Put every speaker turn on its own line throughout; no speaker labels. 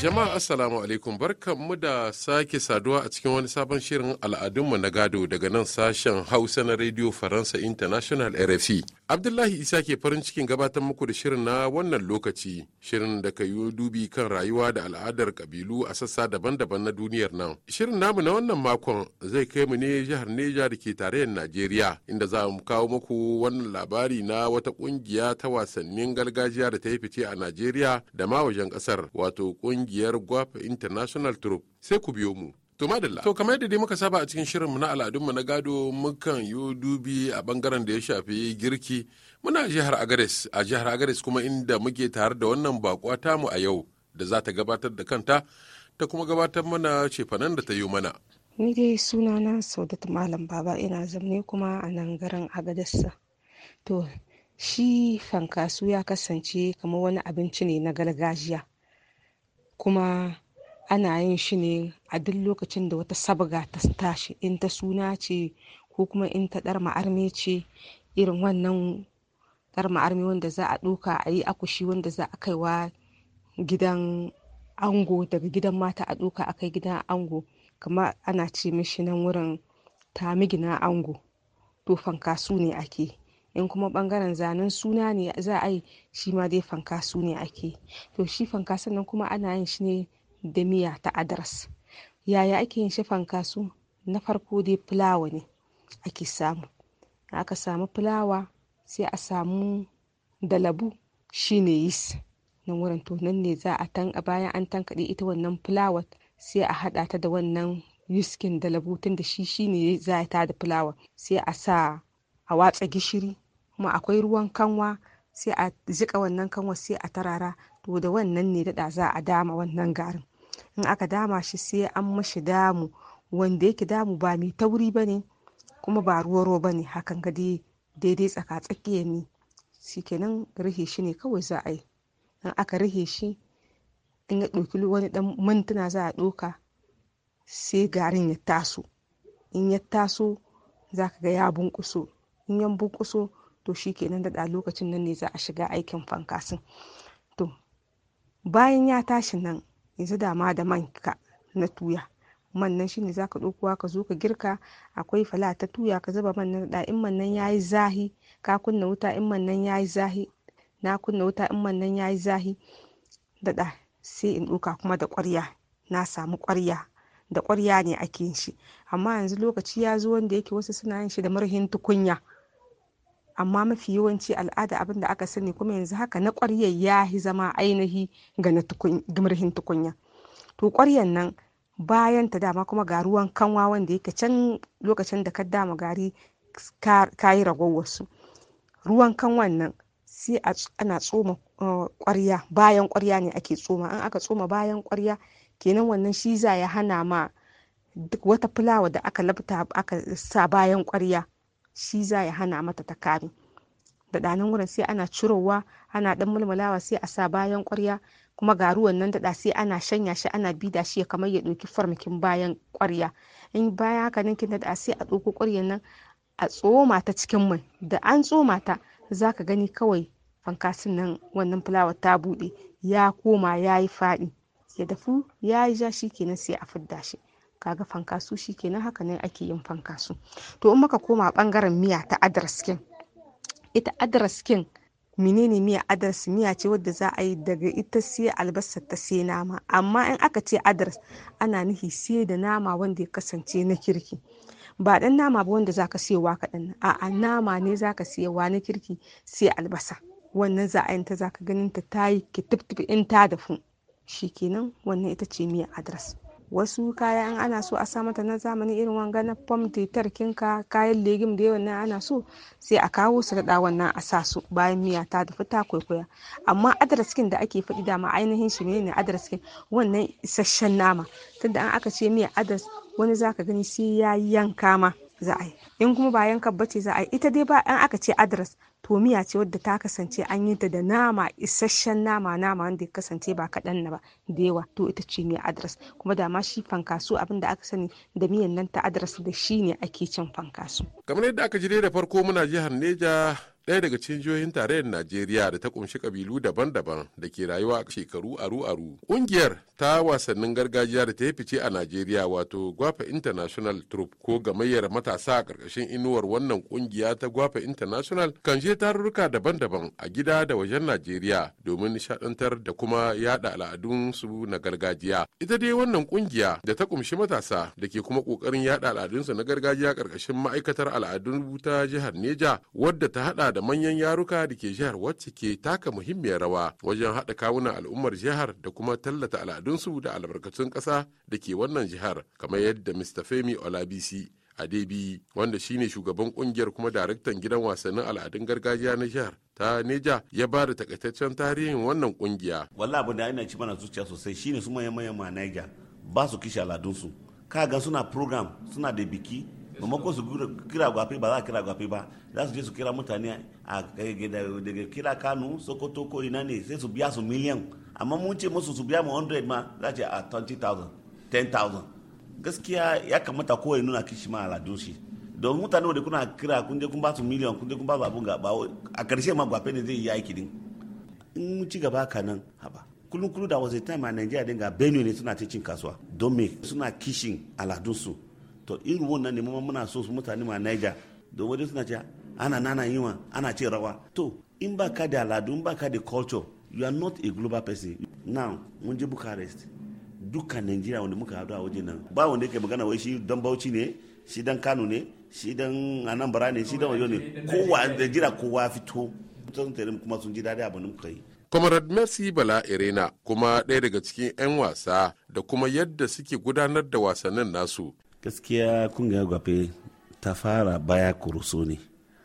Jama'a Assalamu alaikum mu da sake saduwa a cikin wani sabon shirin al'adunmu na gado daga nan sashen Hausa na Radio Faransa International RFI. Abdullahi Isa ke farin cikin gabatar muku da shirin na wannan lokaci, shirin da ka yi dubi kan rayuwa da al'adar kabilu a sassa daban-daban na duniyar nan. Shirin namu na wannan makon zai kai mu ne jihar Neja da ke tarayyar Najeriya, inda za mu kawo muku wannan labari na wata kungiya ta wasannin gargajiya da ta yi fice a Najeriya da ma wajen kasar, wato kungiya kungiyar gwafa international troop sai ku biyo mu To madalla. To kamar yadda dai muka saba a cikin shirinmu na al'adunmu na gado mukan yi dubi a bangaren da ya shafi girki muna jihar Agares a jihar Agares kuma inda muke tare da wannan bakwa tamu a yau da za ta gabatar da kanta ta kuma gabatar mana cefanen da ta yi mana.
Ni dai sunana saudat Malam Baba ina zamne kuma a nan garin Agadessa. To shi fankasu ya kasance kamar wani abinci ne na gargajiya kuma ana yin shi ne a duk lokacin da wata sabga ta tashi in ta suna ce ko kuma in ta ɗar ma'arme ce irin wannan ɗar ma'arme wanda za a ɗoka a yi akushi wanda za a kaiwa gidan ango daga gidan mata a ɗoka a kai gidan ango kamar ana ce mishi nan wurin tamigina ango to fankasu ne ake in kuma bangaren zanen suna ne za a yi shi ma dai fankaso ne ake to shi fankaso nan kuma ana yin shi ne da miya ta adras yaya ake yin shi fankaso na farko dai fulawa ne ake samu aka samu fulawa sai a samu dalabu ne yis nan wurin to nan ne za a tan bayan an tankaɗe ita wannan fulawa sai a haɗa ta da wannan yuskin dalabu tun da shi ne za a ta da fulawa sai a sa a watsa gishiri kuma akwai ruwan kanwa sai a jiƙa wannan kanwa sai a tarara to da wannan ne daɗa za a dama wannan garin in aka dama shi sai an mashi damu wanda yake damu ba mai tauri ba ne kuma ba ruwa ruwa ba ne hakan ga daidai tsaka tsakiya ne shikenan rufe shi ne kawai za a yi in aka rihe shi in ya ɗauki wani ɗan mintuna za a ɗauka sai garin ya taso in ya taso za ka ga ya bunkuso. in yan to shi kenan daɗa lokacin nan ne za a shiga aikin fankasin to bayan ya tashi nan yanzu dama da man ka na tuya man nan shine zaka ɗaukowa ka zo ka girka akwai fala ta tuya ka zuba man nan da in man nan yayi zahi ka kunna wuta in man nan yayi zahi na kunna wuta in man nan yayi zahi sai in ɗauka kuma da ƙwarya na samu ƙwarya da ƙwarya ne ake yin shi amma yanzu lokaci ya zo wanda yake wasu suna yin shi da murhin tukunya amma mafi yawanci al'ada abin da aka sani kuma yanzu haka na ƙwaryar ya zama ainihi ga na murhin tukunya to ƙwaryar nan bayan ta dama kuma ga ruwan kanwa wanda yake can lokacin da ka dama gari ka yi ragowar ruwan kanwan nan sai ana tsoma uh, ƙwarya bayan ƙwarya ne ake tsoma an aka tsoma bayan ƙwarya kenan wannan shi za ya hana ma duk wata fulawa da aka labta aka sa bayan ƙwarya shi za ya hana mata ta kare da ɗanin wurin sai ana cirowa ana ɗan mulmulawa sai a sa bayan ƙwarya kuma ga ruwan nan daɗa sai ana shanya shi ana bida shi kamar ya ɗauki farmakin bayan ƙwarya in bayan haka nan kin daɗa sai a ɗauko ƙwaryan nan a tsoma ta cikin mai da an tsoma ta za ka gani kawai fankasin nan wannan fulawar ta buɗe ya koma ya yi faɗi ya dafu ya yi ja shi kenan sai a fidda shi kaga fankasu shikenan haka ne ake yin fankasu to in muka koma bangaren miya ta skin ita skin menene miya adres miya ce wadda za a yi daga ita sai albasa ta sai nama amma in aka ce adres ana nufi sai da nama wanda ya kasance na kirki ba dan nama ba wanda zaka sayowa kaɗan a'a nama ne zaka sayowa na kirki sai albasa wannan za a ta zaka ganin ta tayi kitiftif in ta dafu shikenan wannan ita ce miya adres wasu kaya in ana so a sa mata na zamani irin wanga na fam titar kinka kayan legim da yawan ana so sai a kawo su da wannan a sa su bayan miya ta tafi ta kwaikwaya amma adraskin da ake faɗi dama ainihin shi ne adraskin wannan isasshen nama tunda an aka ce miya adras wani zaka gani sai ya yanka ma za a yi in kuma ba yankan bace za a yi ita dai ba an aka ce adres to miya ce wadda ta kasance an yi ta da nama isasshen nama nama wanda ya kasance ba kaɗan na ba da yawa to ita ce miya adres kuma da ma shi fankasu abin da aka sani da miyan nan ta adres da shi ne ake cin fankasu
kamar yadda aka ji da farko muna jihar neja ɗaya daga cikin jihohin tarayyar najeriya da ta kunshi kabilu daban-daban da ke rayuwa a shekaru aru-aru ƙungiyar ta wasannin gargajiya da ta yi fice a najeriya wato gwafa international troop ko gamayyar matasa a ƙarƙashin inuwar wannan ƙungiya ta gwafa international kan je tarurruka daban-daban a gida da wajen najeriya domin nishaɗantar da kuma yaɗa al'adunsu na gargajiya ita dai wannan ƙungiya da ta kunshi matasa da ke kuma ƙoƙarin yaɗa al'adunsu na gargajiya ƙarƙashin ma'aikatar al'adun ta jihar neja wadda ta haɗa da da manyan yaruka da ke jihar wacce ke taka muhimmiyar rawa wajen haɗa kawunan al'ummar jihar da kuma tallata al'adunsu da albarkatun ƙasa da ke wannan jihar kamar yadda Mr. Femi Olabisi Adebi wanda shine shugaban kungiyar kuma daraktan gidan wasannin al'adun gargajiya na jihar ta Neja ya ba da takaitaccen tarihin wannan kungiya. Wallahi abu da ina ci mana zuciya sosai shine su manyan manyan Niger ba su
kishi al'adunsu. Ka ga suna program suna da biki mamakon su kira gwafi ba za a kira gwafi ba za su je su kira mutane a eh, daga kira kano sokoto ko ina ne sai su biya su miliyan amma mun ce musu su biya mu 100 ma za ce a 20,000 10,000 gaskiya ya kamata kowai nuna kishi ma aladun shi don mutane da kuna kira kun je kun ba su miliyan kun je kun ba su abun gaba a karshe ma gwafe ne zai yi aiki din in ci gaba ka nan haba kullum kullum da was a time a nigeria dinga benue ne suna ta cin kasuwa don me suna kishin aladunsu to irin wannan ne muna so su mutane ma Niger da wani suna ce ana nana yiwa ana ce rawa to in ba ka da aladu in ba ka da culture you are not a global person now mun je bucharest dukkan nigeria wanda muka hadu a waje nan ba wanda yake magana wai shi dan bauchi ne shi dan kano ne shi dan anambra ne shi dan wayo ne kowa nigeria kowa fito sun tare kuma sun ji daɗi abin da muka yi
Comrade Mercy Bala Irena kuma ɗaya daga cikin 'yan wasa da kuma yadda suke gudanar da wasannin nasu
gaskiya kungiyar gwafe ta fara baya kuruso ne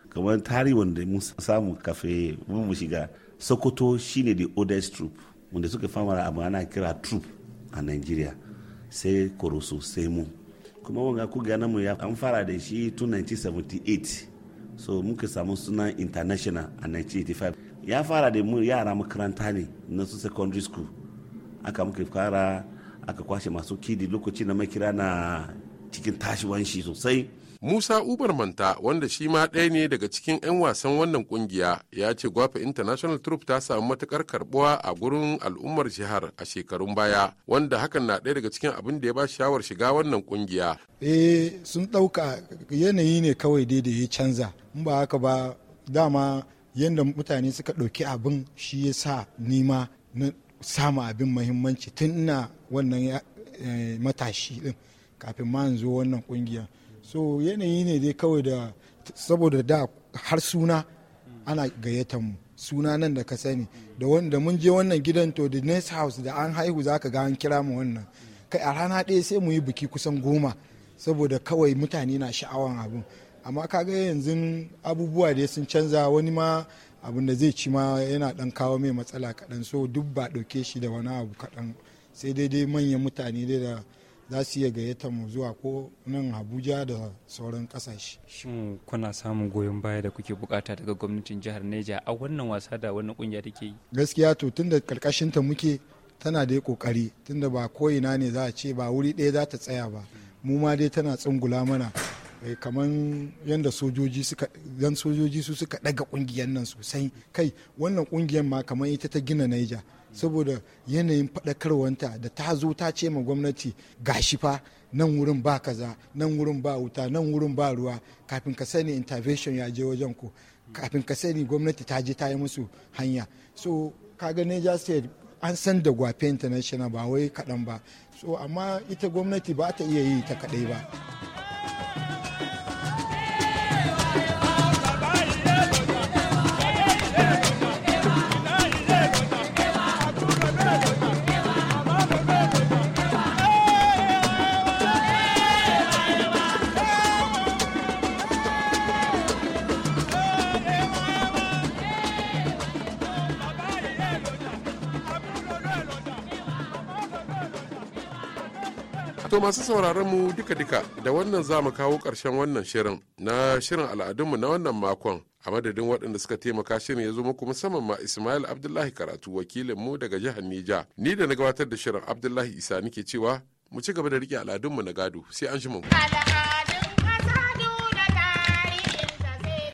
kamar tarihin da mun samu kafe mun mu shiga sokoto shine the oldest troop wanda suka fama abu ana kira troop a nigeria sai kuruso sai mu kuma wanga kungiyar namu ya an fara da shi tun 1978 so muka samu sunan international a 1985 ya fara da mu yara makaranta ne na su secondary school aka muka fara aka kwashe masu kidi
lokaci na makira na cikin sosai Musa Ubar Manta wanda shi ma ɗaya ne daga cikin 'yan wasan wannan kungiya ya ce Gwafa International Troop ta samu matukar karbuwa a gurin al'ummar jihar a shekarun baya wanda hakan na ɗaya daga cikin abin da ya ba shawar shiga wannan kungiya.
Eh sun ɗauka yanayi ne kawai daidai ya canza in ba haka ba dama yadda mutane suka ɗauki abin shi ya sa nima na samu abin mahimmanci tun ina wannan eh, matashi ɗin. kafin ma zo wannan kungiya so yanayi ne dai kawai da saboda da har suna ana gayyatar mu suna nan da ka sani da wanda mun je wannan gidan to the next house da an haihu za ka ga an kira mu wannan kai a rana ɗaya sai mu yi biki kusan goma saboda kawai mutane na sha'awan abin amma kaga yanzu abubuwa da sun canza wani ma abin da zai ci ma yana dan kawo mai matsala kaɗan so duk ba ɗauke shi da wani abu kaɗan sai daidai manyan mutane da za su iya gayyata mu zuwa ko nan abuja da sauran kasashe shin kuna samun goyon baya da kuke bukata daga gwamnatin jihar neja a wannan wasa da wannan kungiya take yi gaskiya to tunda karkashin ta muke tana dai kokari tunda ba ko'ina ne za a ce ba wuri ɗaya za ta tsaya ba mu ma dai tana tsungula mana Eh, kamar yadda sojoji suka dan sojoji su suka daga kungiyar nan sosai kai wannan kungiyar ma kamar ita ta gina naija saboda yanayin faɗakarwanta da ta zo ta ce ma gwamnati gashi fa nan wurin ba kaza nan wurin ba wuta nan wurin ba ruwa kafin ka sani intervention ya je wajen ku kafin ka sani gwamnati ta je ta yi musu hanya so kaga naija state an san da gwafe international ba wai kaɗan ba so amma ita gwamnati ba ta iya yi ta kaɗai ba
wato masu sauraron mu duka-duka da wannan za mu kawo ƙarshen wannan shirin na shirin al'adunmu na wannan makon a madadin waɗanda suka taimaka shirin ya zo muku musamman ma Ismail Abdullahi karatu wakilin mu daga jihar Nija. Ni da na gabatar da shirin Abdullahi Isa nike cewa mu ci gaba da riƙe al'adunmu na gado sai an shi mu.